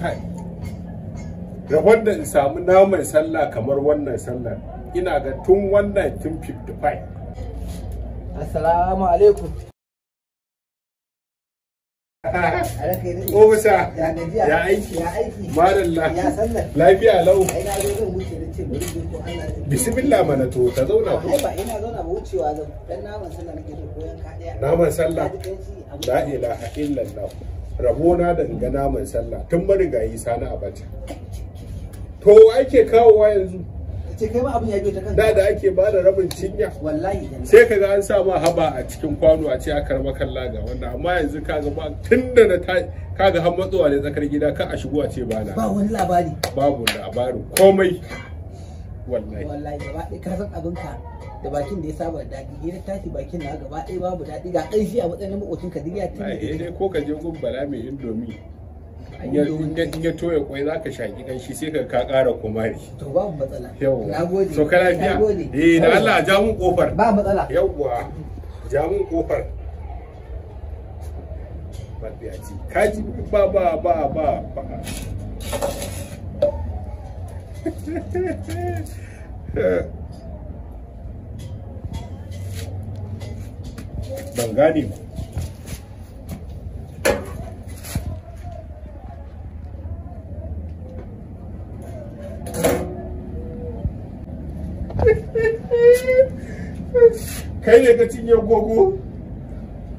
kai rabon da in samu naman sallah kamar wannan sallah ina ga tun 1955 assalamu alaikum Obusa ya aiki, maralla, lafiya lau. Bismillah mana to, ta zauna ko ba ina zauna ba wucewa zau, dan naman sallah nake so koyan ka daya. Naman sallah. La ilaha illallah. rabona da ga mai sallah tun marigayi sani abacha to ake kawowa yanzu da da ake ba da rabin cinya sai ka ga an sa ma haba a cikin kwano a ce aka rama kalla ga wannan amma yanzu ka ga ba tun na ta ka har matsowa ne tsakar gida ka a shigo a ce ba na ba wani labari babu labarin komai wallahi wallahi gaba ɗaya ka san abin ka da bakin da ya saba da daɗi ya tashi bakin na gaba ɗaya babu daɗi ga ƙarfi a matsayin maƙocin ka duniya tun da dai ko ka je gun bala mai indomi in ya toya kwai za ka shaƙi ƙanshi sai ka ka ƙara kumari to babu matsala yawwa na gode so kana biya eh da Allah ja mun kofar ba matsala yawwa ja mun kofar ba ba ba ba ba ban gane ba kai ne ka cinye gogo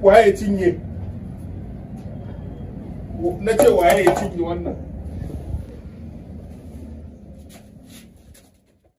waye cinye na ce waye cinye wannan